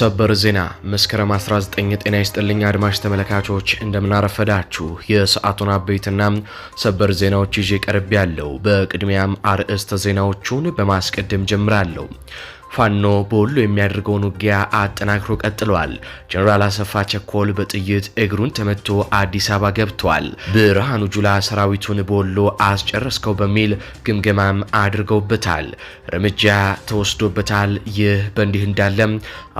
ሰበር ዜና መስከረም 19 ጤና ይስጥልኝ አድማጭ ተመልካቾች እንደምናረፈዳችሁ የሰዓቱን አበይትና ሰበር ዜናዎች ይዤ ቀርብ ያለው። በቅድሚያም አርዕስተ ዜናዎቹን በማስቀደም ጀምራለሁ። ፋኖ በወሎ የሚያደርገውን ውጊያ አጠናክሮ ቀጥሏል። ጀኔራል አሰፋ ቸኮል በጥይት እግሩን ተመቶ አዲስ አበባ ገብቷል። ብርሃኑ ጁላ ሰራዊቱን በወሎ አስጨረስከው በሚል ግምገማም አድርገውበታል። እርምጃ ተወስዶበታል። ይህ በእንዲህ እንዳለም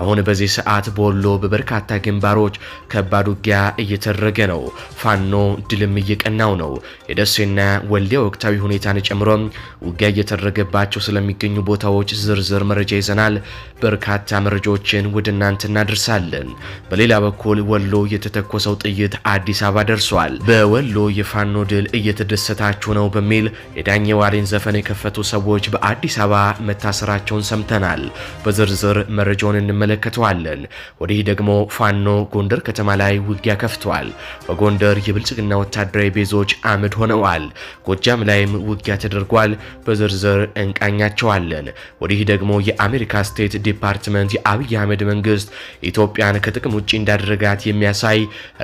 አሁን በዚህ ሰዓት በወሎ በበርካታ ግንባሮች ከባድ ውጊያ እየተደረገ ነው። ፋኖ ድልም እየቀናው ነው። የደሴና ወልዲያ ወቅታዊ ሁኔታን ጨምሮ ውጊያ እየተደረገባቸው ስለሚገኙ ቦታዎች ዝርዝር መረጃ ይዘናል። በርካታ መረጃዎችን ወደ እናንተ እናደርሳለን። በሌላ በኩል ወሎ የተተኮሰው ጥይት አዲስ አበባ ደርሷል። በወሎ የፋኖ ድል እየተደሰታችሁ ነው በሚል የዳኘ ዋሬን ዘፈን የከፈቱ ሰዎች በአዲስ አበባ መታሰራቸውን ሰምተናል። በዝርዝር መረጃውን እንመለከተዋለን። ወዲህ ደግሞ ፋኖ ጎንደር ከተማ ላይ ውጊያ ከፍቷል። በጎንደር የብልጽግና ወታደራዊ ቤዞች አመድ ሆነዋል። ጎጃም ላይም ውጊያ ተደርጓል። በዝርዝር እንቃኛቸዋለን። ወዲህ ደግሞ የአ የአሜሪካ ስቴት ዲፓርትመንት የአብይ አህመድ መንግስት ኢትዮጵያን ከጥቅም ውጭ እንዳደረጋት የሚያሳይ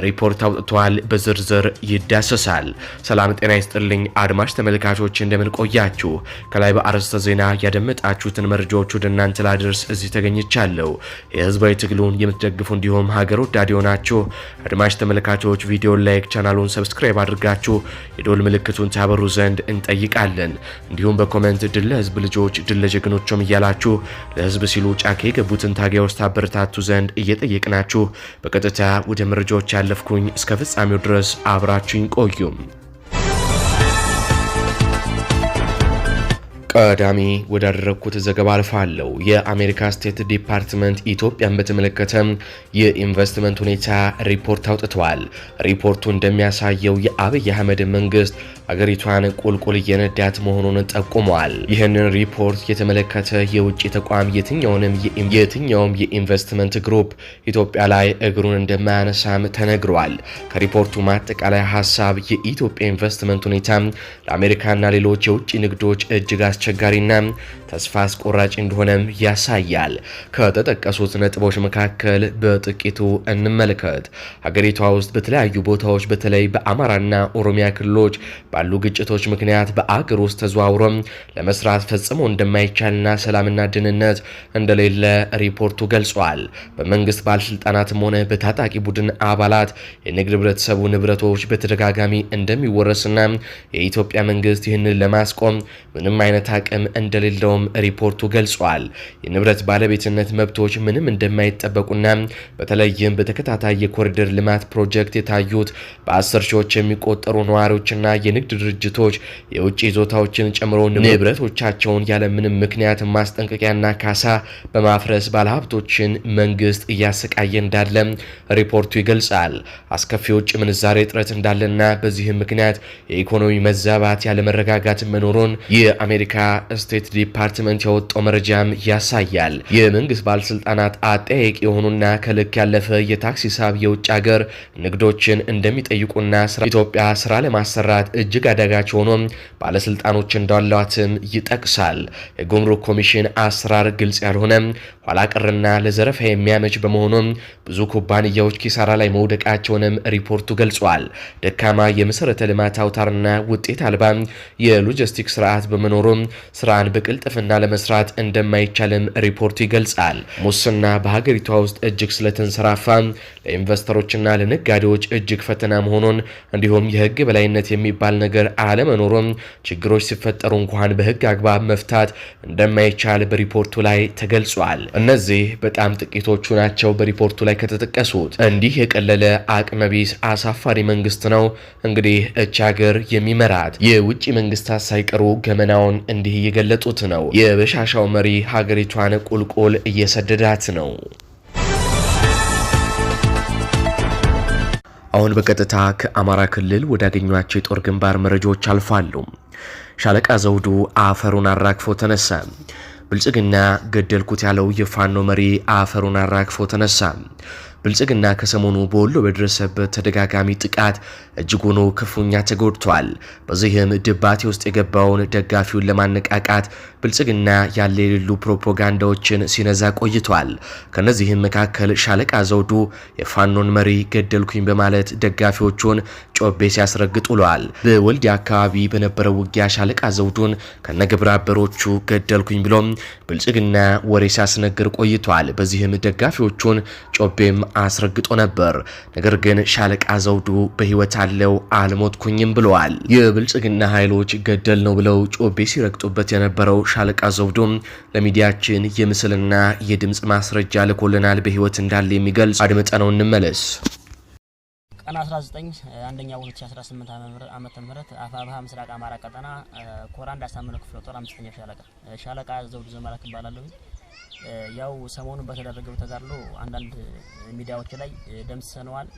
ሪፖርት አውጥቷል። በዝርዝር ይዳሰሳል። ሰላም ጤና ይስጥልኝ አድማጭ ተመልካቾች እንደምን ቆያችሁ? ከላይ በአርዕስተ ዜና ያደመጣችሁትን መረጃዎች ወደ እናንተ ላደርስ እዚህ ተገኝቻለሁ። የህዝባዊ ትግሉን የምትደግፉ እንዲሁም ሀገር ወዳድ የሆናችሁ አድማጭ ተመልካቾች ቪዲዮን ላይክ፣ ቻናሉን ሰብስክራይብ አድርጋችሁ የዶል ምልክቱን ታበሩ ዘንድ እንጠይቃለን። እንዲሁም በኮመንት ድል ለህዝብ ልጆች ድል ለጀግኖቹም እያላችሁ ለህዝብ ሲሉ ጫካ የገቡትን ውስጥ አበረታቱ ዘንድ እየጠየቅናችሁ በቀጥታ ወደ መረጃዎች ያለፍኩኝ፣ እስከ ፍጻሜው ድረስ አብራችሁኝ ቆዩም። ቀዳሚ ወዳደረግኩት ዘገባ አልፋለሁ። የአሜሪካ ስቴት ዲፓርትመንት ኢትዮጵያን በተመለከተ የኢንቨስትመንት ሁኔታ ሪፖርት አውጥተዋል። ሪፖርቱ እንደሚያሳየው የአብይ አህመድ መንግስት አገሪቷን ቁልቁል እየነዳት መሆኑን ጠቁመዋል። ይህንን ሪፖርት የተመለከተ የውጭ ተቋም የትኛውም የኢንቨስትመንት ግሩፕ ኢትዮጵያ ላይ እግሩን እንደማያነሳም ተነግሯል። ከሪፖርቱ ማጠቃላይ ሀሳብ የኢትዮጵያ ኢንቨስትመንት ሁኔታ ለአሜሪካና ሌሎች የውጭ ንግዶች እጅግ አስቸ አስቸጋሪና ተስፋ አስቆራጭ እንደሆነም ያሳያል። ከተጠቀሱት ነጥቦች መካከል በጥቂቱ እንመልከት። ሀገሪቷ ውስጥ በተለያዩ ቦታዎች በተለይ በአማራና ኦሮሚያ ክልሎች ባሉ ግጭቶች ምክንያት በአገር ውስጥ ተዘዋውሮም ለመስራት ፈጽሞ እንደማይቻልና ሰላምና ደህንነት እንደሌለ ሪፖርቱ ገልጿል። በመንግስት ባለስልጣናትም ሆነ በታጣቂ ቡድን አባላት የንግድ ህብረተሰቡ ንብረቶች በተደጋጋሚ እንደሚወረስና የኢትዮጵያ መንግስት ይህንን ለማስቆም ምንም አይነት አቅም እንደሌለውም ሪፖርቱ ገልጿል። የንብረት ባለቤትነት መብቶች ምንም እንደማይጠበቁና በተለይም በተከታታይ የኮሪደር ልማት ፕሮጀክት የታዩት በአስር ሺዎች የሚቆጠሩ ነዋሪዎችና የንግድ ድርጅቶች የውጭ ይዞታዎችን ጨምሮ ንብረቶቻቸውን ያለምንም ምክንያት ማስጠንቀቂያና ካሳ በማፍረስ ባለሀብቶችን መንግስት እያሰቃየ እንዳለ ሪፖርቱ ይገልጻል። አስከፊ ውጭ ምንዛሬ እጥረት እንዳለና በዚህም ምክንያት የኢኮኖሚ መዛባት ያለመረጋጋት መኖሩን የአሜሪካ ስቴት ዲፓርትመንት የወጣው መረጃም ያሳያል። የመንግስት ባለስልጣናት አጠያቂ የሆኑና ከልክ ያለፈ የታክስ ሂሳብ የውጭ ሀገር ንግዶችን እንደሚጠይቁና ኢትዮጵያ ስራ ለማሰራት እጅግ አዳጋች ሆኖ ባለስልጣኖች እንዳሏትም ይጠቅሳል። የጉምሩክ ኮሚሽን አሰራር ግልጽ ያልሆነ ኋላ ቀርና ለዘረፋ የሚያመች በመሆኑም ብዙ ኩባንያዎች ኪሳራ ላይ መውደቃቸውንም ሪፖርቱ ገልጿል። ደካማ የመሰረተ ልማት አውታርና ውጤት አልባ የሎጂስቲክስ ስርዓት በመኖሩም ስራን በቅልጥፍና ለመስራት እንደማይቻልም ሪፖርቱ ይገልጻል። ሙስና በሀገሪቷ ውስጥ እጅግ ስለተንሰራፋ ለኢንቨስተሮችና ለነጋዴዎች እጅግ ፈተና መሆኑን እንዲሁም የህግ በላይነት የሚባል ነገር አለመኖሩም ችግሮች ሲፈጠሩ እንኳን በህግ አግባብ መፍታት እንደማይቻል በሪፖርቱ ላይ ተገልጿል። እነዚህ በጣም ጥቂቶቹ ናቸው በሪፖርቱ ላይ ከተጠቀሱት። እንዲህ የቀለለ አቅመቢስ አሳፋሪ መንግስት ነው እንግዲህ እች ሀገር የሚመራት የውጭ መንግስታት ሳይቀሩ ገመናውን እንዲህ እየገለጡት ነው። የበሻሻው መሪ ሀገሪቷን ቁልቁል እየሰደዳት ነው። አሁን በቀጥታ ከአማራ ክልል ወዳገኟቸው የጦር ግንባር መረጃዎች አልፋሉ። ሻለቃ ዘውዱ አፈሩን አራግፎ ተነሳ። ብልጽግና ገደልኩት ያለው የፋኖ መሪ አፈሩን አራግፎ ተነሳ። ብልጽግና ከሰሞኑ በወሎ በደረሰበት ተደጋጋሚ ጥቃት እጅግ ሆኖ ክፉኛ ተጎድቷል። በዚህም ድባቴ ውስጥ የገባውን ደጋፊውን ለማነቃቃት ብልጽግና ያለ የሌሉ ፕሮፓጋንዳዎችን ሲነዛ ቆይቷል። ከነዚህም መካከል ሻለቃ ዘውዱ የፋኖን መሪ ገደልኩኝ በማለት ደጋፊዎቹን ጮቤ ሲያስረግጥ ውለዋል። በወልዲያ አካባቢ በነበረው ውጊያ ሻለቃ ዘውዱን ከነግብረ አበሮቹ ገደልኩኝ ብሎም ብልጽግና ወሬ ሲያስነግር ቆይቷል። በዚህም ደጋፊዎቹን ጮቤም አስረግጦ ነበር። ነገር ግን ሻለቃ ዘውዱ በህይወት አለው አልሞትኩኝም ብለዋል። የብልጽግና ኃይሎች ገደል ነው ብለው ጮቤ ሲረግጡበት የነበረው ሻለቃ ዘውዱም ለሚዲያችን የምስልና የድምፅ ማስረጃ ልኮልናል። በህይወት እንዳለ የሚገልጽ አድምጠ ነው እንመለስ። ቀን 19 አንደኛ 2018 ዓመተ ምህረት አፋብሃ ምስራቅ አማራ ቀጠና ኮራንድ አሳምነው ክፍለ ጦር አምስተኛ ሻለቃ ሻለቃ ዘውዱ ዘመላክ እባላለሁ። ያው ሰሞኑን በተደረገው ተጋድሎ አንዳንድ ሚዲያዎች ላይ ደምስሰነዋል፣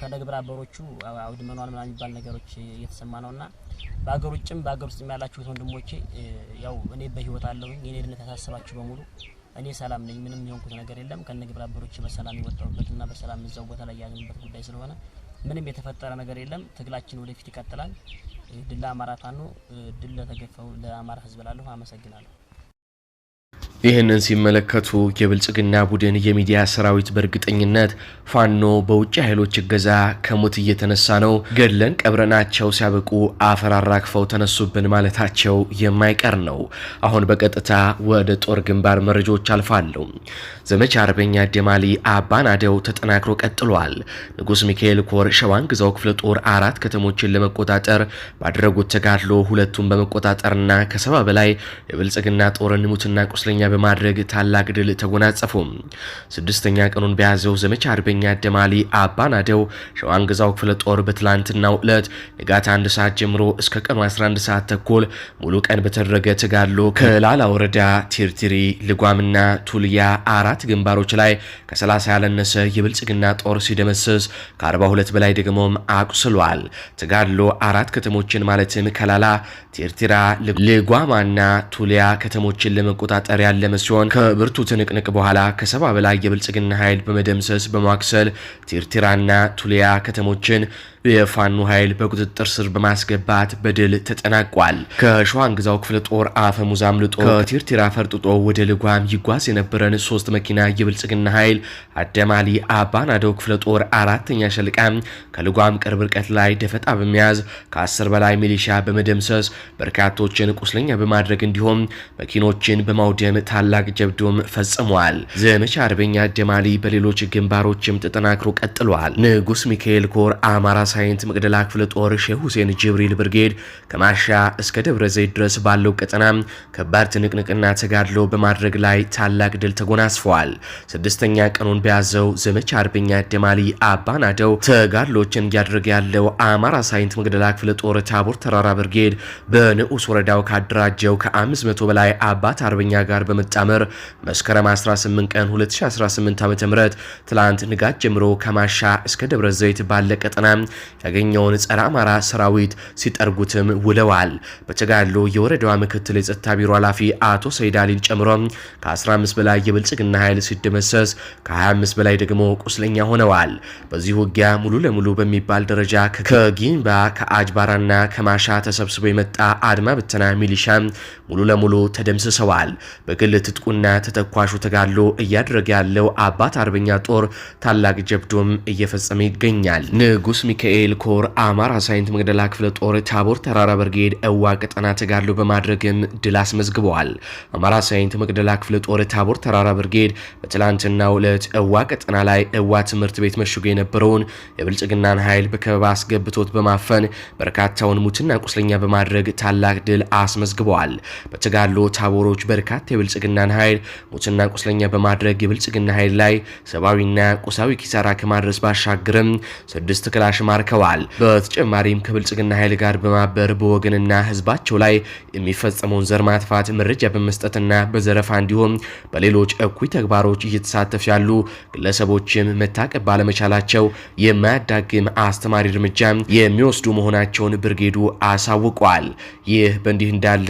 ከነግብረ አበሮቹ አውድመነዋል ምናምን የሚባል ነገሮች እየተሰማ ነውና በሀገር ውጭም በአገር ውስጥ ያላችሁት ወንድሞቼ ያው እኔ በህይወት አለሁኝ የኔ ድነት ያሳስባችሁ በሙሉ እኔ ሰላም ነኝ፣ ምንም የሆንኩት ነገር የለም። ከነ ግብረ አበሮች በሰላም የወጣሁበትና በሰላም እዛው ቦታ ላይ ያገኙበት ጉዳይ ስለሆነ ምንም የተፈጠረ ነገር የለም። ትግላችን ወደፊት ይቀጥላል። ድል ለአማራ ፋኖ፣ ድል ለተገፋው ለአማራ ህዝብ ላለሁ አመሰግናለሁ። ይህንን ሲመለከቱ የብልጽግና ቡድን የሚዲያ ሰራዊት በእርግጠኝነት ፋኖ በውጭ ኃይሎች እገዛ ከሞት እየተነሳ ነው፣ ገድለን ቀብረናቸው ሲያበቁ አፈር አራግፈው ተነሱብን ማለታቸው የማይቀር ነው። አሁን በቀጥታ ወደ ጦር ግንባር መረጃዎች አልፋለሁ። ዘመቻ አርበኛ ደማሊ አባናደው ተጠናክሮ ቀጥሏል። ንጉሥ ሚካኤል ኮር ሸዋን ግዛው ክፍለ ጦር አራት ከተሞችን ለመቆጣጠር ባደረጉት ተጋድሎ ሁለቱን በመቆጣጠርና ከሰባ በላይ የብልጽግና ጦርን ሙትና ቁስለኛ በማድረግ ታላቅ ድል ተጎናጸፉ። ስድስተኛ ቀኑን በያዘው ዘመቻ አርበኛ ደማሊ አባናደው ሸዋን ግዛው ክፍለ ጦር በትላንትናው ዕለት ንጋት አንድ ሰዓት ጀምሮ እስከ ቀኑ 11 ሰዓት ተኩል ሙሉ ቀን በተደረገ ተጋድሎ ከላላ ወረዳ ቲርቲሪ፣ ልጓምና ቱልያ አራት ግንባሮች ላይ ከ30 ያላነሰ የብልጽግና ጦር ሲደመስስ ከ42 በላይ ደግሞም አቁስሏል። ተጋድሎ አራት ከተሞችን ማለትም ከላላ፣ ቲርቲራ፣ ልጓማና ቱልያ ከተሞችን ለመቆጣጠር ያለ ያለመ ሲሆን ከብርቱ ትንቅንቅ በኋላ ከሰባ በላይ የብልጽግና ኃይል በመደምሰስ በማክሰል ቲርቲራና ቱሊያ ከተሞችን የፋኖ ኃይል በቁጥጥር ስር በማስገባት በድል ተጠናቋል። ግዛው ክፍለ ጦር አፈሙዝ አምልጦ ከቲርቲራ ፈርጥጦ ወደ ልጓም ይጓዝ የነበረን ሶስት መኪና የብልጽግና ኃይል አደማሊ አባናደው ክፍለ ጦር አራተኛ ሸልቃ ከልጓም ቅርብ ርቀት ላይ ደፈጣ በመያዝ ከ10 በላይ ሚሊሻ በመደምሰስ በርካቶችን ቁስለኛ በማድረግ እንዲሁም መኪኖችን በማውደም ታላቅ ጀብዶም ፈጽሟል። ዘመቻ አርበኛ አደማሊ በሌሎች ግንባሮችም ተጠናክሮ ቀጥሏል። ንጉስ ሚካኤል ኮር አማራ ሳይንት መቅደላ ክፍለ ጦር ሼህ ሁሴን ጅብሪል ብርጌድ ከማሻ እስከ ደብረ ዘይት ድረስ ባለው ቀጠና ከባድ ትንቅንቅና ተጋድሎ በማድረግ ላይ ታላቅ ድል ተጎናጽፈዋል። ስድስተኛ ቀኑን በያዘው ዘመቻ አርበኛ ደማሊ አባናደው ተጋድሎችን እያደረገ ያለው አማራ ሳይንት መቅደላ ክፍለ ጦር ታቦር ተራራ ብርጌድ በንዑስ ወረዳው ካደራጀው ከ500 በላይ አባት አርበኛ ጋር በመጣመር መስከረም 18 ቀን 2018 ዓ.ም ትላንት ንጋት ጀምሮ ከማሻ እስከ ደብረ ዘይት ባለ ቀጠና ያገኘውን ጸረ አማራ ሰራዊት ሲጠርጉትም ውለዋል። በተጋድሎ የወረዳዋ ምክትል የጸጥታ ቢሮ ኃላፊ አቶ ሰይዳሊን ጨምሮ ከ15 በላይ የብልጽግና ኃይል ሲደመሰስ ከ25 በላይ ደግሞ ቁስለኛ ሆነዋል። በዚህ ውጊያ ሙሉ ለሙሉ በሚባል ደረጃ ከጊንባ ከአጅባራና ከማሻ ተሰብስቦ የመጣ አድማ ብተና ሚሊሻ ሙሉ ለሙሉ ተደምስሰዋል። በግል ትጥቁና ተተኳሹ ተጋድሎ እያደረገ ያለው አባት አርበኛ ጦር ታላቅ ጀብዶም እየፈጸመ ይገኛል። ንጉስ ሚካኤል ሚካኤል ኮር አማራ ሳይንት መግደላ ክፍለ ጦር ታቦር ተራራ ብርጌድ እዋ ቀጠና ተጋድሎ በማድረግም ድል አስመዝግበዋል። አማራ ሳይንት መግደላ ክፍለ ጦር ታቦር ተራራ ብርጌድ በትላንትናው ዕለት እዋ ቀጠና ላይ እዋ ትምህርት ቤት መሽጎ የነበረውን የብልጽግናን ኃይል በከበባ አስገብቶት በማፈን በርካታውን ሙትና ቁስለኛ በማድረግ ታላቅ ድል አስመዝግበዋል። በተጋድሎ ታቦሮች በርካታ የብልጽግናን ኃይል ሙትና ቁስለኛ በማድረግ የብልጽግና ኃይል ላይ ሰብአዊና ቁሳዊ ኪሳራ ከማድረስ ባሻገርም ስድስት ክላሽ ማር ተማርከዋል። በተጨማሪም ከብልጽግና ኃይል ጋር በማበር በወገንና ህዝባቸው ላይ የሚፈጸመውን ዘር ማጥፋት መረጃ በመስጠትና በዘረፋ እንዲሁም በሌሎች እኩይ ተግባሮች እየተሳተፉ ያሉ ግለሰቦችም መታቀብ ባለመቻላቸው የማያዳግም አስተማሪ እርምጃ የሚወስዱ መሆናቸውን ብርጌዱ አሳውቋል። ይህ በእንዲህ እንዳለ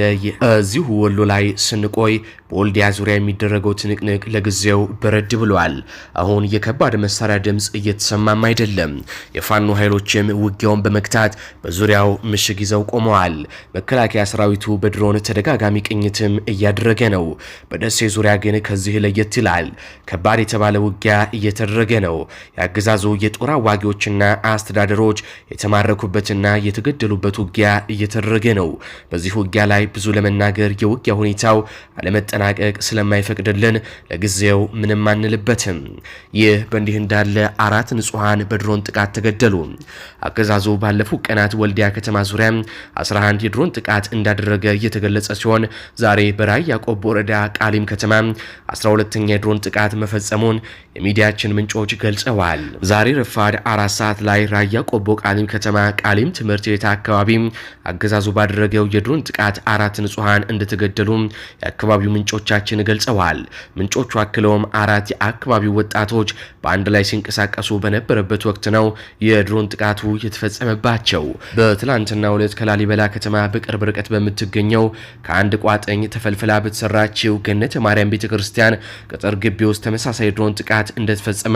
እዚሁ ወሎ ላይ ስንቆይ በወልዲያ ዙሪያ የሚደረገው ትንቅንቅ ለጊዜው በረድ ብሏል። አሁን የከባድ መሳሪያ ድምፅ እየተሰማም አይደለም። የፋኖ ኃይሎ ኃይሎችም ውጊያውን በመግታት በዙሪያው ምሽግ ይዘው ቆመዋል። መከላከያ ሰራዊቱ በድሮን ተደጋጋሚ ቅኝትም እያደረገ ነው። በደሴ ዙሪያ ግን ከዚህ ለየት ይላል። ከባድ የተባለ ውጊያ እየተደረገ ነው። የአገዛዙ የጦር አዋጊዎችና አስተዳደሮች የተማረኩበትና የተገደሉበት ውጊያ እየተደረገ ነው። በዚህ ውጊያ ላይ ብዙ ለመናገር የውጊያ ሁኔታው አለመጠናቀቅ ስለማይፈቅድልን ለጊዜው ምንም አንልበትም። ይህ በእንዲህ እንዳለ አራት ንጹሐን በድሮን ጥቃት ተገደሉ። አገዛዙ ባለፉት ቀናት ወልዲያ ከተማ ዙሪያ 11 የድሮን ጥቃት እንዳደረገ እየተገለጸ ሲሆን ዛሬ በራያ ቆቦ ወረዳ ቃሊም ከተማ 12ኛ የድሮን ጥቃት መፈጸሙን የሚዲያችን ምንጮች ገልጸዋል። ዛሬ ረፋድ አራት ሰዓት ላይ ራያ ቆቦ ቃሊም ከተማ ቃሊም ትምህርት ቤት አካባቢ አገዛዙ ባደረገው የድሮን ጥቃት አራት ንጹሐን እንደተገደሉ የአካባቢው ምንጮቻችን ገልጸዋል። ምንጮቹ አክለውም አራት የአካባቢው ወጣቶች በአንድ ላይ ሲንቀሳቀሱ በነበረበት ወቅት ነው የድሮን ጥቃቱ የተፈጸመባቸው። በትላንትናው ዕለት ከላሊበላ ከተማ በቅርብ ርቀት በምትገኘው ከአንድ ቋጥኝ ተፈልፍላ በተሰራችው ገነተ ማርያም ቤተ ክርስቲያን ቅጥር ግቢ ውስጥ ተመሳሳይ ድሮን ጥቃት እንደተፈጸመ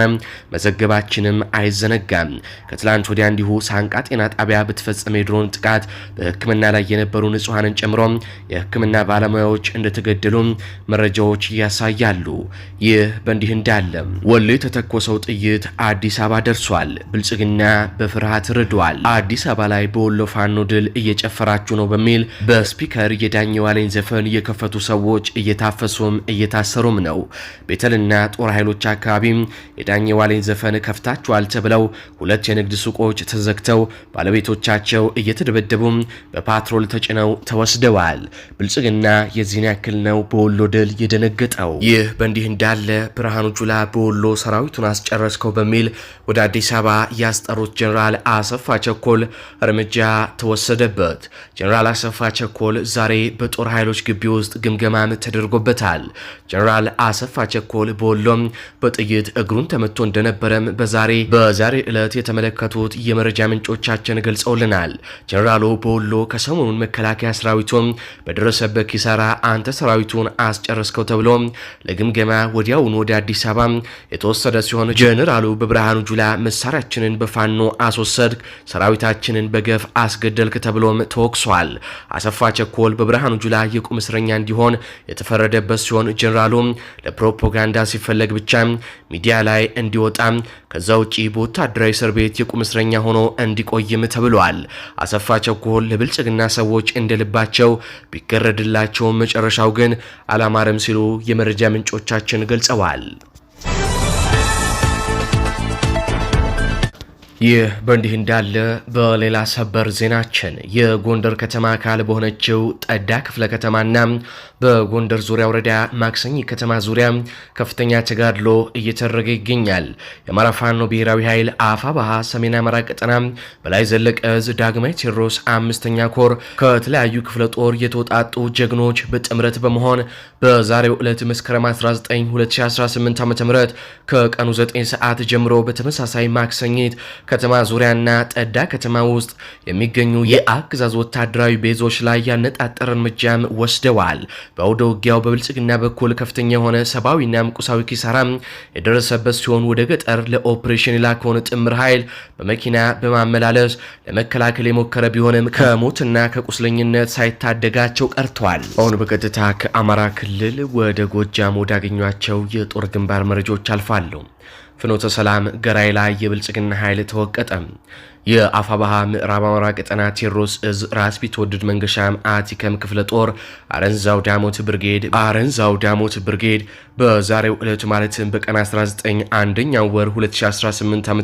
መዘገባችንም አይዘነጋም። ከትላንት ወዲያ እንዲሁ ሳንቃ ጤና ጣቢያ በተፈጸመ የድሮን ጥቃት በሕክምና ላይ የነበሩ ንጹሐንን ጨምሮ የሕክምና ባለሙያዎች እንደተገደሉ መረጃዎች ያሳያሉ። ይህ በእንዲህ እንዳለ ወሎ የተተኮሰው ጥይት አዲስ አበባ ደርሷል። ብልጽግና በ በፍርሃት ርዷል። አዲስ አበባ ላይ በወሎ ፋኖ ድል እየጨፈራችሁ ነው በሚል በስፒከር የዳኘ ዋለኝ ዘፈን የከፈቱ ሰዎች እየታፈሱም እየታሰሩም ነው። ቤተልና ጦር ኃይሎች አካባቢም የዳኘ ዋለኝ ዘፈን ከፍታችኋል ተብለው ሁለት የንግድ ሱቆች ተዘግተው ባለቤቶቻቸው እየተደበደቡም በፓትሮል ተጭነው ተወስደዋል። ብልጽግና የዚህን ያክል ነው በወሎ ድል የደነገጠው። ይህ በእንዲህ እንዳለ ብርሃኑ ጁላ በወሎ ሰራዊቱን አስጨረስከው በሚል ወደ አዲስ አበባ ያስጠሩት ጀነራል ጀኔራል አሰፋ ቸኮል እርምጃ ተወሰደበት። ጀኔራል አሰፋ ቸኮል ዛሬ በጦር ኃይሎች ግቢ ውስጥ ግምገማም ተደርጎበታል። ጀኔራል አሰፋ ቸኮል በወሎም በጥይት እግሩን ተመቶ እንደነበረም በዛሬ በዛሬ ዕለት የተመለከቱት የመረጃ ምንጮቻችን ገልጸውልናል። ጀኔራሉ በወሎ ከሰሞኑን መከላከያ ሰራዊቱም በደረሰበት ኪሳራ አንተ ሰራዊቱን አስጨረስከው ተብሎ ለግምገማ ወዲያውኑ ወደ አዲስ አበባ የተወሰደ ሲሆን ጀኔራሉ በብርሃኑ ጁላ መሳሪያችንን በፋኖ አስወሰድክ፣ ሰራዊታችንን በገፍ አስገደልክ ተብሎም ተወቅሷል። አሰፋ ቸኮል በብርሃኑ ጁላ የቁም እስረኛ እንዲሆን የተፈረደበት ሲሆን ጀኔራሉም ለፕሮፓጋንዳ ሲፈለግ ብቻ ሚዲያ ላይ እንዲወጣ ከዛ ውጪ በወታደራዊ እስር ቤት የቁም እስረኛ ሆኖ እንዲቆይም ተብሏል። አሰፋ ቸኮል ለብልጽግና ሰዎች እንደልባቸው ቢገረድላቸውም መጨረሻው ግን አላማረም ሲሉ የመረጃ ምንጮቻችን ገልጸዋል። ይህ በእንዲህ እንዳለ በሌላ ሰበር ዜናችን የጎንደር ከተማ አካል በሆነችው ጠዳ ክፍለ ከተማና በጎንደር ዙሪያ ወረዳ ማክሰኝ ከተማ ዙሪያ ከፍተኛ ተጋድሎ እየተደረገ ይገኛል። የአማራ ፋኖ ብሔራዊ ኃይል አፋ ባሃ ሰሜን አማራ ቀጠና በላይ ዘለቀ እዝ ዳግማዊ ቴዎድሮስ አምስተኛ ኮር ከተለያዩ ክፍለ ጦር የተውጣጡ ጀግኖች በጥምረት በመሆን በዛሬው ዕለት መስከረም 19 2018 ዓ ም ከቀኑ 9 ሰዓት ጀምሮ በተመሳሳይ ማክሰኝት ከተማ ዙሪያና ጠዳ ከተማ ውስጥ የሚገኙ የአገዛዝ ወታደራዊ ቤዞች ላይ ያነጣጠረ እርምጃም ወስደዋል። በአውደ ውጊያው በብልጽግና በኩል ከፍተኛ የሆነ ሰብአዊና ቁሳዊ ኪሳራም የደረሰበት ሲሆን ወደ ገጠር ለኦፕሬሽን የላከውን ጥምር ኃይል በመኪና በማመላለስ ለመከላከል የሞከረ ቢሆንም ከሞትና ከቁስለኝነት ሳይታደጋቸው ቀርተዋል። አሁን በቀጥታ ከአማራ ክልል ወደ ጎጃም ወዳገኟቸው የጦር ግንባር መረጃዎች አልፋለሁ። ፍኖተ ሰላም ገራይ ላይ የብልጽግና ኃይል ተወቀጠ። የአፋባሃ ምዕራብ አማራ ቀጠና ቴዎድሮስ እዝ ራስ ቢትወደድ መንገሻም አቲከም ክፍለ ጦር አረንዛው ዳሞት ብርጌድ አረንዛው ዳሞት ብርጌድ በዛሬው ዕለት ማለትም በቀን 19 አንደኛው ወር 2018 ዓ ም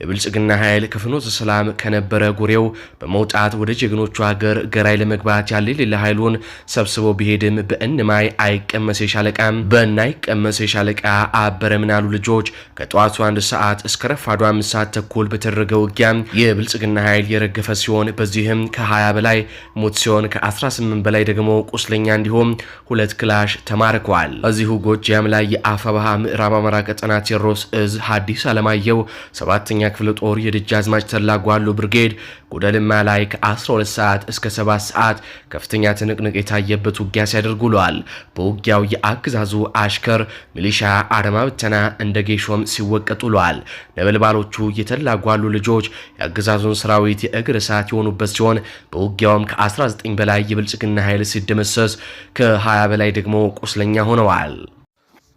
የብልጽግና ኃይል ከፍኖተ ሰላም ከነበረ ጉሬው በመውጣት ወደ ጀግኖቹ ሀገር ገራይ ለመግባት ያለ የሌለ ኃይሉን ሰብስቦ ቢሄድም በእንማይ አይቀመሰ ሻለቃ በእናይቀመሰ ሻለቃ አበረ ምናሉ ልጆች ከጠዋቱ አንድ ሰዓት እስከ ረፋዱ አምስት ሰዓት ተኩል በተደረገ ውጊያ የብልጽግና ኃይል የረገፈ ሲሆን በዚህም ከ20 በላይ ሞት ሲሆን ከ18 በላይ ደግሞ ቁስለኛ እንዲሁም ሁለት ክላሽ ተማርከዋል። እዚሁ ጎጃም ላይ የአፈባሃ ምዕራብ አማራ ቀጠና ቴዎድሮስ እዝ ሀዲስ አለማየሁ ሰባተኛ ክፍለ ጦር የደጃዝማች ተላጓሉ ብርጌድ ጉደልማ ላይ ከ12 ሰዓት እስከ 7 ሰዓት ከፍተኛ ትንቅንቅ የታየበት ውጊያ ሲያደርጉ ውለዋል። በውጊያው የአገዛዙ አሽከር ሚሊሻ፣ አረማ ብተና እንደ ጌሾም ሲወቀጡ ውለዋል። ነበልባሎቹ የተላጓሉ ልጆች የአገዛዙን ሰራዊት የእግር እሳት የሆኑበት ሲሆን በውጊያውም ከ19 በላይ የብልጽግና ኃይል ሲደመሰስ ከ20 በላይ ደግሞ ቁስለኛ ሆነዋል።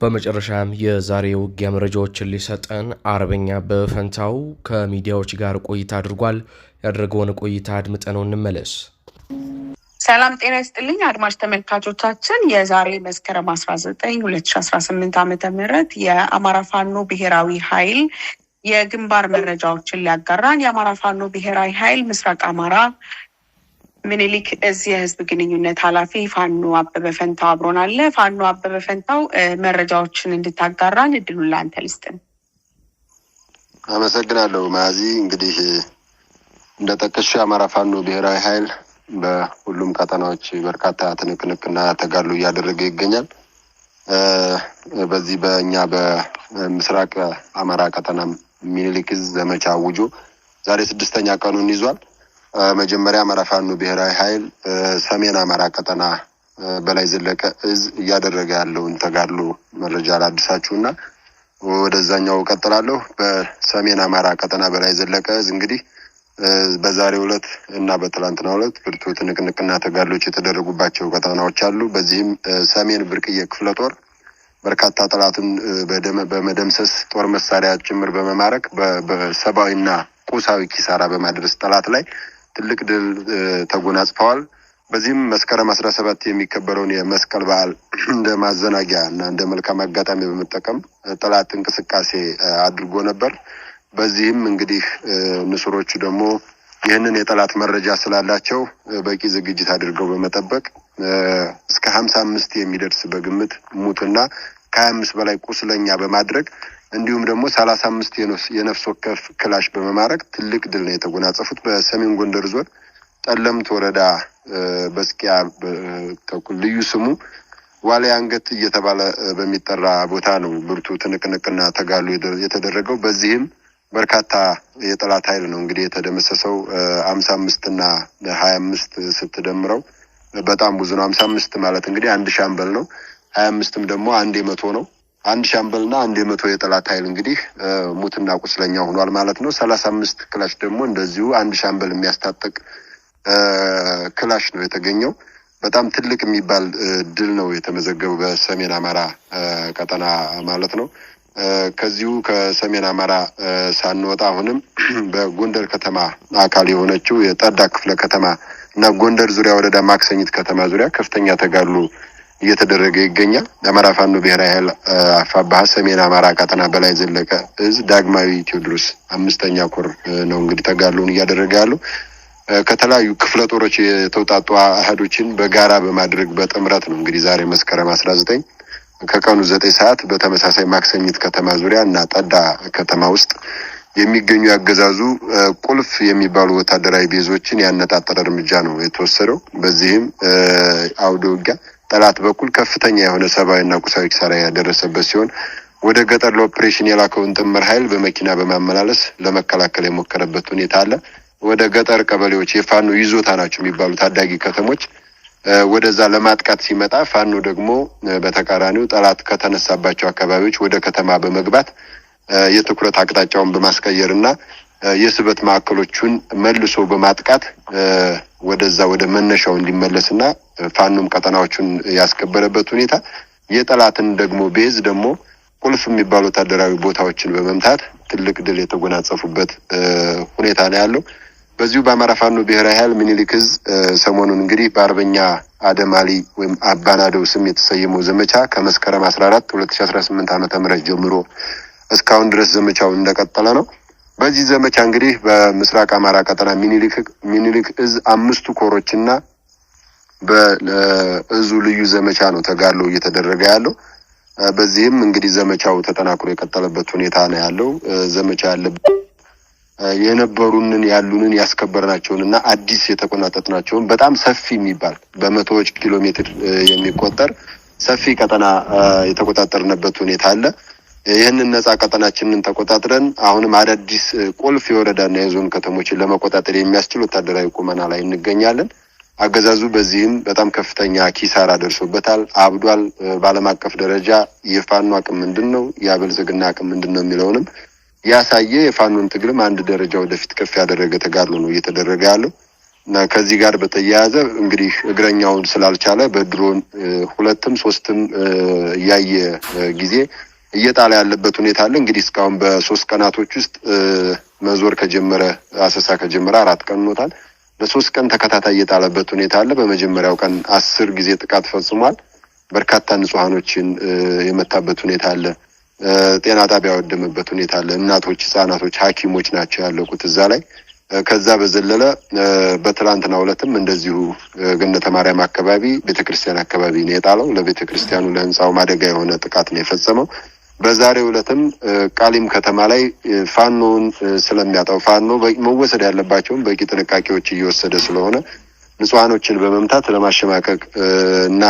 በመጨረሻም የዛሬ ውጊያ መረጃዎችን ሊሰጠን አርበኛ በፈንታው ከሚዲያዎች ጋር ቆይታ አድርጓል። ያደረገውን ቆይታ ነው እንመለስ። ሰላም ጤና ይስጥልኝ አድማጭ ተመልካቾቻችን፣ የዛሬ መስከረም አስራ ዘጠኝ ሁለት ሺ አስራ ስምንት አመተ ምህረት የአማራ ፋኖ ብሔራዊ ኃይል የግንባር መረጃዎችን ሊያጋራን የአማራ ፋኖ ብሔራዊ ኃይል ምስራቅ አማራ ምኒልክ እዚህ የህዝብ ግንኙነት ኃላፊ ፋኖ አበበ ፈንታው አብሮን አለ። ፋኖ አበበ ፈንታው መረጃዎችን እንድታጋራን እድሉን ላንተ ልስጥን። አመሰግናለሁ ማዚ እንግዲህ እንደ ጠቀሱ የአማራ ፋኖ ብሔራዊ ኃይል በሁሉም ቀጠናዎች በርካታ ትንቅንቅና ተጋድሎ እያደረገ ይገኛል። በዚህ በእኛ በምስራቅ አማራ ቀጠና ሚኒሊክ ዘመቻ አውጆ ዛሬ ስድስተኛ ቀኑን ይዟል። መጀመሪያ አማራ ፋኖ ብሔራዊ ኃይል ሰሜን አማራ ቀጠና በላይ ዘለቀ እዝ እያደረገ ያለውን ተጋድሎ መረጃ ላድሳችሁና ወደዛኛው ቀጥላለሁ። በሰሜን አማራ ቀጠና በላይ ዘለቀ እዝ እንግዲህ በዛሬው ዕለት እና በትላንትናው ዕለት ብርቱ ትንቅንቅና ተጋድሎች የተደረጉባቸው ቀጠናዎች አሉ። በዚህም ሰሜን ብርቅዬ ክፍለ ጦር በርካታ ጠላትን በመደምሰስ ጦር መሳሪያ ጭምር በመማረክ በሰብአዊና ቁሳዊ ኪሳራ በማድረስ ጠላት ላይ ትልቅ ድል ተጎናጽፈዋል። በዚህም መስከረም አስራ ሰባት የሚከበረውን የመስቀል በዓል እንደ ማዘናጊያ እና እንደ መልካም አጋጣሚ በመጠቀም ጠላት እንቅስቃሴ አድርጎ ነበር። በዚህም እንግዲህ ንስሮቹ ደግሞ ይህንን የጠላት መረጃ ስላላቸው በቂ ዝግጅት አድርገው በመጠበቅ እስከ ሀምሳ አምስት የሚደርስ በግምት ሙትና ከሀያ አምስት በላይ ቁስለኛ በማድረግ እንዲሁም ደግሞ ሰላሳ አምስት የነፍስ ወከፍ ክላሽ በመማረክ ትልቅ ድል ነው የተጎናጸፉት። በሰሜን ጎንደር ዞን ጠለምት ወረዳ በስቂያ ተኩል ልዩ ስሙ ዋልያ አንገት እየተባለ በሚጠራ ቦታ ነው ብርቱ ትንቅንቅና ተጋሉ የተደረገው። በዚህም በርካታ የጠላት ኃይል ነው እንግዲህ የተደመሰሰው። አምሳ አምስትና ሀያ አምስት ስትደምረው በጣም ብዙ ነው። አምሳ አምስት ማለት እንግዲህ አንድ ሻምበል ነው። ሀያ አምስትም ደግሞ አንድ የመቶ ነው። አንድ ሻምበል እና አንድ የመቶ የጠላት ኃይል እንግዲህ ሙትና ቁስለኛ ሆኗል ማለት ነው። ሰላሳ አምስት ክላሽ ደግሞ እንደዚሁ አንድ ሻምበል የሚያስታጥቅ ክላሽ ነው የተገኘው። በጣም ትልቅ የሚባል ድል ነው የተመዘገበው በሰሜን አማራ ቀጠና ማለት ነው። ከዚሁ ከሰሜን አማራ ሳንወጣ አሁንም በጎንደር ከተማ አካል የሆነችው የጠዳ ክፍለ ከተማ እና ጎንደር ዙሪያ ወረዳ ማክሰኝት ከተማ ዙሪያ ከፍተኛ ተጋድሎ እየተደረገ ይገኛል። አማራ ፋኖ ብሔራዊ ኃይል አፋባሀ ሰሜን አማራ ቀጠና በላይ ዘለቀ እዝ ዳግማዊ ቴዎድሮስ አምስተኛ ኮር ነው እንግዲህ ተጋድሎውን እያደረገ ያሉ ከተለያዩ ክፍለ ጦሮች የተውጣጡ አህዶችን በጋራ በማድረግ በጥምረት ነው እንግዲህ ዛሬ መስከረም አስራ ዘጠኝ ከቀኑ ዘጠኝ ሰዓት በተመሳሳይ ማክሰኝት ከተማ ዙሪያ እና ጠዳ ከተማ ውስጥ የሚገኙ ያገዛዙ ቁልፍ የሚባሉ ወታደራዊ ቤዞችን ያነጣጠረ እርምጃ ነው የተወሰደው። በዚህም አውደ ውጊያ ጠላት በኩል ከፍተኛ የሆነ ሰብአዊና ቁሳዊ ኪሳራ ያደረሰበት ሲሆን ወደ ገጠር ለኦፕሬሽን የላከውን ጥምር ኃይል በመኪና በማመላለስ ለመከላከል የሞከረበት ሁኔታ አለ። ወደ ገጠር ቀበሌዎች የፋኑ ይዞታ ናቸው የሚባሉ ታዳጊ ከተሞች ወደዛ ለማጥቃት ሲመጣ ፋኖ ደግሞ በተቃራኒው ጠላት ከተነሳባቸው አካባቢዎች ወደ ከተማ በመግባት የትኩረት አቅጣጫውን በማስቀየር እና የስበት ማዕከሎቹን መልሶ በማጥቃት ወደዛ ወደ መነሻው እንዲመለስና ፋኖም ቀጠናዎቹን ያስከበረበት ሁኔታ የጠላትን ደግሞ ቤዝ ደግሞ ቁልፍ የሚባሉ ወታደራዊ ቦታዎችን በመምታት ትልቅ ድል የተጎናጸፉበት ሁኔታ ነው ያለው። በዚሁ በአማራ ፋኖ ብሔራዊ ኃይል ምኒልክ እዝ ሰሞኑን እንግዲህ በአርበኛ አደም አሊ ወይም አባናደው ስም የተሰየመው ዘመቻ ከመስከረም አስራ አራት ሁለት ሺ አስራ ስምንት ዓመተ ምህረት ጀምሮ እስካሁን ድረስ ዘመቻው እንደቀጠለ ነው። በዚህ ዘመቻ እንግዲህ በምስራቅ አማራ ቀጠና ሚኒሊክ እዝ አምስቱ ኮሮችና በእዙ ልዩ ዘመቻ ነው ተጋድሎ እየተደረገ ያለው። በዚህም እንግዲህ ዘመቻው ተጠናክሮ የቀጠለበት ሁኔታ ነው ያለው ዘመቻ ያለበት የነበሩንን ያሉንን ያስከበርናቸውን እና አዲስ የተቆናጠጥናቸውን በጣም ሰፊ የሚባል በመቶዎች ኪሎ ሜትር የሚቆጠር ሰፊ ቀጠና የተቆጣጠርንበት ሁኔታ አለ። ይህንን ነጻ ቀጠናችንን ተቆጣጥረን አሁንም አዳዲስ ቁልፍ የወረዳና የዞን ከተሞችን ለመቆጣጠር የሚያስችል ወታደራዊ ቁመና ላይ እንገኛለን። አገዛዙ በዚህም በጣም ከፍተኛ ኪሳራ ደርሶበታል፣ አብዷል። በዓለም አቀፍ ደረጃ የፋኖ አቅም ምንድን ነው፣ የብልጽግና አቅም ምንድን ነው የሚለውንም ያሳየ የፋኖን ትግልም አንድ ደረጃ ወደፊት ከፍ ያደረገ ተጋድሎ ነው እየተደረገ ያለው እና ከዚህ ጋር በተያያዘ እንግዲህ እግረኛውን ስላልቻለ በድሮን ሁለትም ሶስትም እያየ ጊዜ እየጣለ ያለበት ሁኔታ አለ። እንግዲህ እስካሁን በሶስት ቀናቶች ውስጥ መዞር ከጀመረ አሰሳ ከጀመረ አራት ቀን ኖታል። በሶስት ቀን ተከታታይ እየጣለበት ሁኔታ አለ። በመጀመሪያው ቀን አስር ጊዜ ጥቃት ፈጽሟል። በርካታ ንጹሐኖችን የመታበት ሁኔታ አለ። ጤና ጣቢያ ያወደመበት ሁኔታ አለ። እናቶች፣ ህጻናቶች፣ ሐኪሞች ናቸው ያለቁት እዛ ላይ። ከዛ በዘለለ በትላንትና ዕለትም እንደዚሁ ገነተ ማርያም አካባቢ ቤተክርስቲያን አካባቢ ነው የጣለው። ለቤተክርስቲያኑ ለህንፃው አደጋ የሆነ ጥቃት ነው የፈጸመው። በዛሬ ዕለትም ቃሊም ከተማ ላይ ፋኖውን ስለሚያጣው ፋኖ መወሰድ ያለባቸውን በቂ ጥንቃቄዎች እየወሰደ ስለሆነ ንጹሐኖችን በመምታት ለማሸማቀቅ እና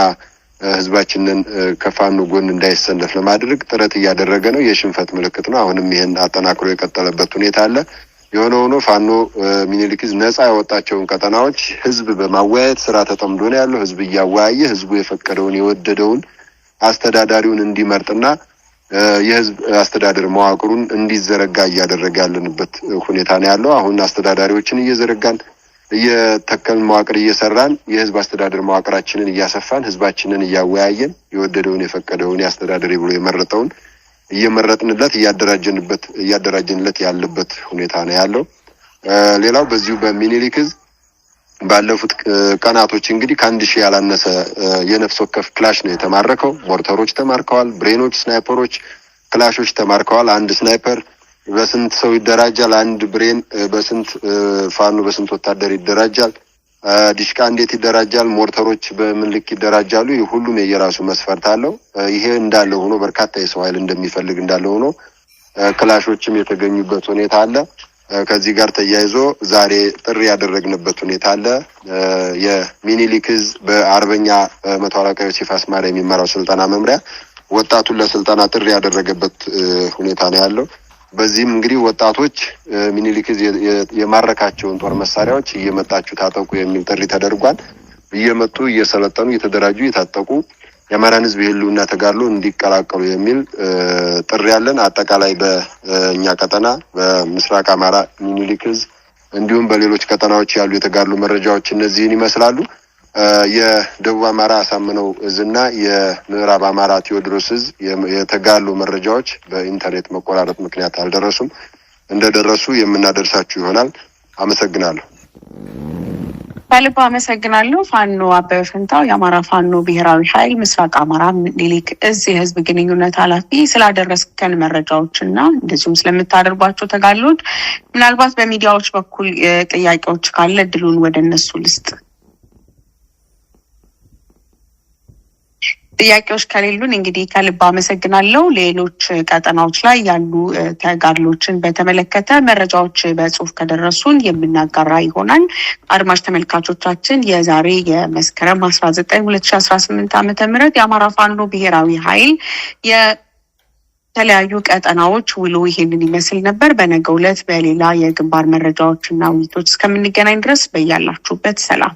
ህዝባችንን ከፋኖ ጎን እንዳይሰለፍ ለማድረግ ጥረት እያደረገ ነው። የሽንፈት ምልክት ነው። አሁንም ይህን አጠናክሮ የቀጠለበት ሁኔታ አለ። የሆነ ሆኖ ፋኖ ሚኒሊክዝ ነጻ ያወጣቸውን ቀጠናዎች ህዝብ በማወያየት ስራ ተጠምዶ ነው ያለው። ህዝብ እያወያየ ህዝቡ የፈቀደውን የወደደውን አስተዳዳሪውን እንዲመርጥና የህዝብ አስተዳደር መዋቅሩን እንዲዘረጋ እያደረገ ያለንበት ሁኔታ ነው ያለው። አሁን አስተዳዳሪዎችን እየዘረጋን እየተከልን መዋቅር እየሰራን የህዝብ አስተዳደር መዋቅራችንን እያሰፋን ህዝባችንን እያወያየን የወደደውን የፈቀደውን የአስተዳደር ብሎ የመረጠውን እየመረጥንለት እያደራጀንበት እያደራጀንለት ያለበት ሁኔታ ነው ያለው። ሌላው በዚሁ በሚኒሊክ ህዝብ ባለፉት ቀናቶች እንግዲህ ከአንድ ሺህ ያላነሰ የነፍስ ወከፍ ክላሽ ነው የተማረከው። ሞርተሮች ተማርከዋል፣ ብሬኖች፣ ስናይፐሮች፣ ክላሾች ተማርከዋል። አንድ ስናይፐር በስንት ሰው ይደራጃል አንድ ብሬን? በስንት ፋኖ በስንት ወታደር ይደራጃል? ዲሽቃ እንዴት ይደራጃል? ሞርተሮች በምን ልክ ይደራጃሉ? ሁሉም የየራሱ መስፈርት አለው። ይሄ እንዳለ ሆኖ በርካታ የሰው ኃይል እንደሚፈልግ እንዳለ ሆኖ ክላሾችም የተገኙበት ሁኔታ አለ። ከዚህ ጋር ተያይዞ ዛሬ ጥሪ ያደረግንበት ሁኔታ አለ። የሚኒሊክዝ በአርበኛ መቶ አለቃ ዮሴፍ አስማሪያ የሚመራው ስልጠና መምሪያ ወጣቱን ለስልጠና ጥሪ ያደረገበት ሁኔታ ነው ያለው። በዚህም እንግዲህ ወጣቶች ሚኒሊክ የማረካቸውን ጦር መሳሪያዎች እየመጣችሁ ታጠቁ የሚል ጥሪ ተደርጓል። እየመጡ እየሰለጠኑ እየተደራጁ እየታጠቁ የአማራን ሕዝብ የህልውና ተጋድሎ እንዲቀላቀሉ የሚል ጥሪ ያለን አጠቃላይ በእኛ ቀጠና በምስራቅ አማራ ሚኒሊክ ሕዝብ እንዲሁም በሌሎች ቀጠናዎች ያሉ የተጋድሎ መረጃዎች እነዚህን ይመስላሉ። የደቡብ አማራ አሳምነው እዝና የምዕራብ አማራ ቴዎድሮስ እዝ የተጋሉ መረጃዎች በኢንተርኔት መቆራረጥ ምክንያት አልደረሱም። እንደደረሱ የምናደርሳችሁ ይሆናል። አመሰግናለሁ። በልብ አመሰግናለሁ። ፋኖ አበበ ፍንታው የአማራ ፋኖ ብሔራዊ ኃይል ምስራቅ አማራ ምኒልክ እዝ የህዝብ ግንኙነት ኃላፊ ስላደረስከን መረጃዎች እና እንደዚሁም ስለምታደርጓቸው ተጋድሎች ምናልባት በሚዲያዎች በኩል ጥያቄዎች ካለ እድሉን ወደ እነሱ ልስጥ። ጥያቄዎች ከሌሉን እንግዲህ ከልብ አመሰግናለሁ። ሌሎች ቀጠናዎች ላይ ያሉ ተጋድሎችን በተመለከተ መረጃዎች በጽሁፍ ከደረሱን የምናጋራ ይሆናል። አድማጭ ተመልካቾቻችን የዛሬ የመስከረም አስራ ዘጠኝ ሁለት ሺ አስራ ስምንት አመተ ምረት የአማራ ፋኖ ብሔራዊ ኃይል የተለያዩ ቀጠናዎች ውሎ ይሄንን ይመስል ነበር። በነገ ውለት በሌላ የግንባር መረጃዎች እና ውይይቶች እስከምንገናኝ ድረስ በያላችሁበት ሰላም